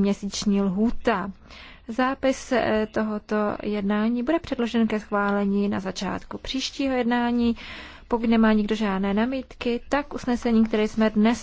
měsíční lhůta. Zápis eh, tohoto jednání bude předložen ke schválení na začátku příštího jednání. Pokud nemá nikdo žádné namítky, tak usnesení, které jsme dnes